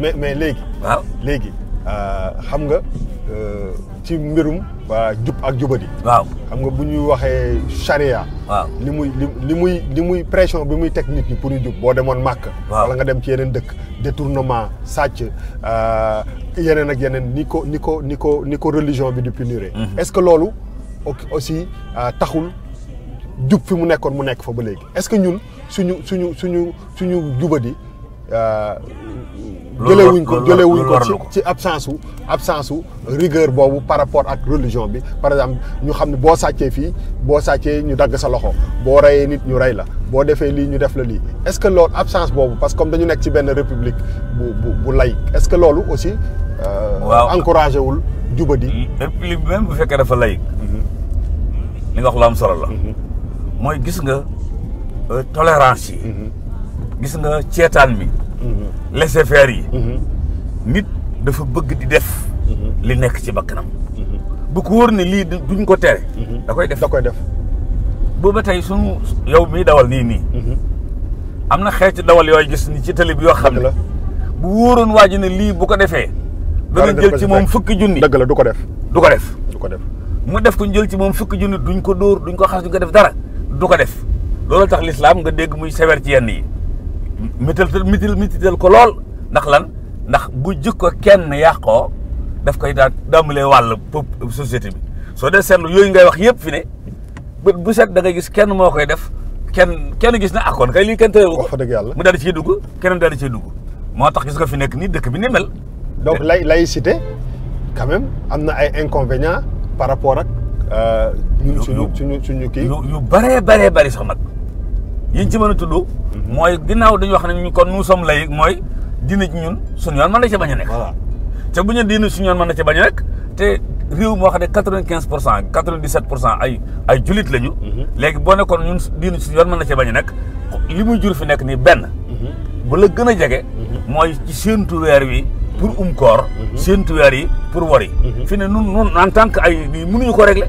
mais mais léegi. waaw léegi euh, xam nga euh, ci mbirum. jub ak jubadi. waaw xam nga bu ñuy waxee charia. waaw li muy li muy li muy pression bi muy teg nit pour ñu jub boo demoon màkk. wala nga dem ci yeneen dëkk détournement sàcc euh, yeneen ak yeneen ni ko ni ko ni ko ni ko religion bi di punir. Mhm. est-ce que loolu aussi taxul jub fi mu nekkoon mu nekk fa ba léegi est-ce que ñun suñu suñu suñu suñu jubadi. Euh, jëlewuñ ko jëlewuñ ko ci ci absence absence rigueur boobu par rapport ak religion bi par exemple ñu xam ne boo sàccee fii boo sàccee ñu dagg sa loxo boo reyee nit ñu ray la boo defee lii ñu def la lii est-ce que loolu absence boobu parce que comme dañu nekk ci benn république bu bu bu laïque est-ce que loolu aussi. Euh, waaw encouragé wul jubadi. république même bu fekkee dafa laïque. Mm-hmm. li nga wax lu am solo la. Mm-hmm. mooy gis nga euh, tolérance yi. Mm-hmm. gis nga ceetaan mi mhm. laisser faire yi mhm. nit dafa bëgg di def mhm. li nekk ci bakkanam bu ko wóor ne lii duñ ko tere da koy def da koy tey sunu yow miy dawal nii nii na xeeti dawal yooyu gis ni ci tali bi yoo xam ne bu wóoroon waa ji ne lii bu ko defee dana jël ci moom fukki junni dëgg la du ko def du ko def du ko def mu def ko jël ci moom fukki junni duñ ko dóor duñ ko xas duñ ko def dara du ko def loolu tax lislaam nga dégg muy sévère ci yenn yi mital mitil mitital ko lool ndax lan ndax bu jikko kenn yàqoo daf koy daa dambalee wàll société bi soo dee seetlu yooyu ngay wax yëpp fi ne bët bu set da ngay gis kenn moo koy def kenn kenn gis na akoon ah, kay lii kenn tërewu ko mu daal di ciy dugg keneen daal di ciy dugg moo tax gis nga fi nekk nii dëkk bi ni mel donc lay laïcité quand même am na ay inconvénients par rapport ak euh, ñun suñu suñu suñu kii yu bëree bëree bari sax nag yiñ ci mën a tudd. mooy ginnaaw dañu wax ne ñu kon nous sommes laïcs mooy diine ñun suñu yoon mën na ci bañ a nekk. voilà te bu ñu diine suñu yoon mën na ci bañ a nekk réew moo xam ne quatre vingt quinze pour cent quatre vingt dix sept pour cent ay ay jullit lañu. Mhm. léegi boo nekkoon ñun diine suñu yoon mën na ci bañ a nekk li muy jur fi nekk nii benn. Mhm. bu la gën a jege. Mhm. mooy ci séentu weer wi. pour um koor. séentu weer yi pour wor fi ne nun nun en tant que ay mënuñu ko rek régler.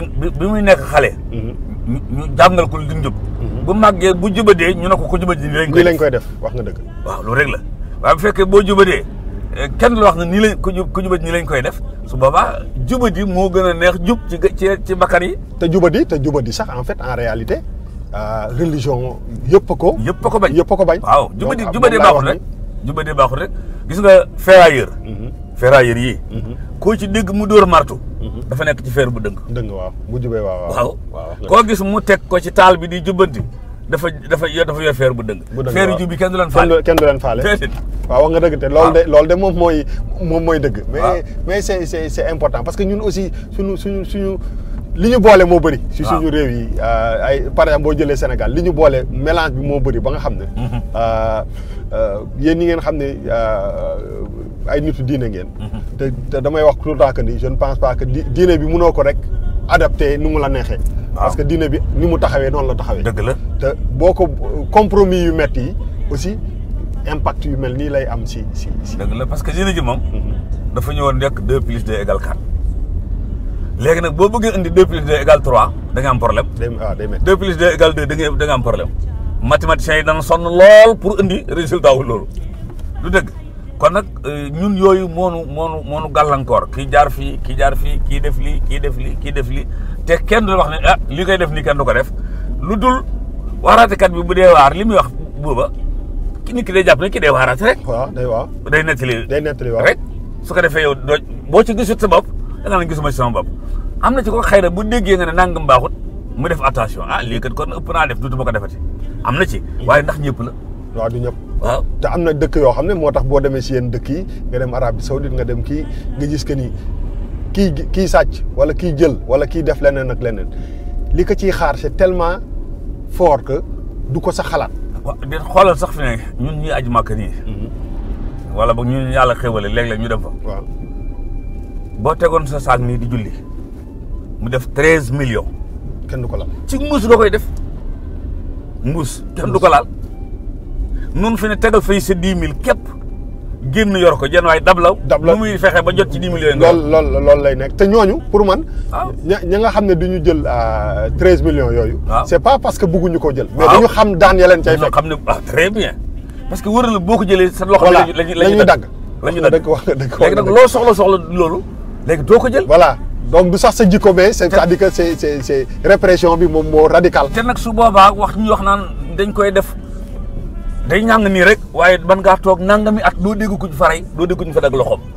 bi bi muy nekk xale. Mm-hmm. ñu jàngal ko li mu jub. bu màggee bu dee ñu ne ko ku jubadee nii lañ koy lañ koy def wax nga dëgg. waaw loolu rek la waaye bu fekkee boo jubadee eh, kenn lu wax na nii lañ ku jub ku jubadi nii lañ koy def su boobaa jubadi moo gën a neex jub ci ci ci bakkan yi. te jubadi te jubadi sax en fait en réalité euh, religion yëpp a ko. yëpp ko bañ yëpp a ko bañ. waaw jubadi jubadi baaxul rek jubadi baaxul rek gis nga ferrailleur. Mm-hmm. ferrailleur yi. Mm-hmm. koo ci dégg mu dóor marto. Mhm. dafa nekk ci fer bu dëng. dëng waaw bu jubee waaw. waaw koo gis mu teg ko ci taal bi di jubbanti dafa dafa dafa yor bu dëng. bu dëng waaw fer yu jub bi kenn du leen faale. kenn du leen waaw nga dëgg te loolu de loolu de moom mooy dëgg. mais mais c' est c' est c' est important parce que ñun aussi suñu suñu suñu. li ñu boole moo bëri. si suñu réew yi euh, ay par exemple boo jëlee Sénégal li ñu boole mélange bi moo bëri ba nga xam ne. Mhm. Euh, euh, yéen ñi ngeen xam ne ay nitu diine ngeen te te damay wax tout temps que ni je ne pense pas que diine bi mënoo ko rek adapté nu mu la neexee parce que diine bi ni mu taxawee noonu la taxawee dëgg la te boo ko compromis yu metti aussi impact yu mel nii lay am si si si dëgg la parce que diine ji moom mhm. dafa ñëwoon nekk 2 plus 2 égale 4 léegi nag boo bëggee indi 2 plus 2 égale 3 da nga am problème waaw day ah, plus 2 égale 2 da nga da nga am problème mathématiciens yi dana sonn lool pour indi résultat wu loolu lu dëgg kon nag euh, ñun yooyu moonu moonu moonu gàllankoor ki jaar fii kii jaar fi kii def lii kii def lii kii def lii te kenn du wax ne ah li koy def nii kenn du ko def lu dul waaraatekat bi bu dee waar li muy wax booba ki nit ki day jàpp ne ki day waaraate rek. waaw day waaw day nettali. day nettali waaw rek su ko defee yow doo boo ci gisut sa bopp da nga naan gisuma ci sama bopp. am na ci ko xëy na bu déggee nga ne nangam baaxut mu def attention ah lii kat kon ëpp naa def du duutuma ko defati am na ci mm. waaye ndax ñëpp la. waaw du waaw ah. te am na dëkk yoo xam ne moo tax boo demee si yenn dëkk yi nga dem Arabie Saoudite nga dem kii nga gis que ni kii kii sàcc wala kii jël wala kii def leneen ak leneen li ko ciy xaar c'est tellement fort que du ko sa xalaat. waaw de xoolal sax fi ne ñun ñuy aju màkk nii. Mhm. wala boog ñun yàlla xéwale léeg-léeg ñu dem fa. waaw boo tegoon sa saag nii di julli mu def treize millions. kenn du ko laal ci mbuus nga koy def mbuus kenn du ko laal. Nous fini 10 fay nous faisons 10 génn yor ko jenn way dablaw ba jot ci 10 millions lol lol lay nek te ñooñu pour man ah. jël ah, millions ah. c'est pas parce que nous ñuko jël mais dañu xam daan ya très bien parce que nous boo jëlé sa loxo lañu wax nga dag soxla soxla lolu légui do ko jël voilà donc du sax sa jikko mais c'est-à-dire que c'est c'est répression bi mo radical té nak su boba wax ñu wax day ñàng nii rek waaye ban ngaa toog nangami at doo dégg kuñ faray doo dégg kuñ fa dag loxoom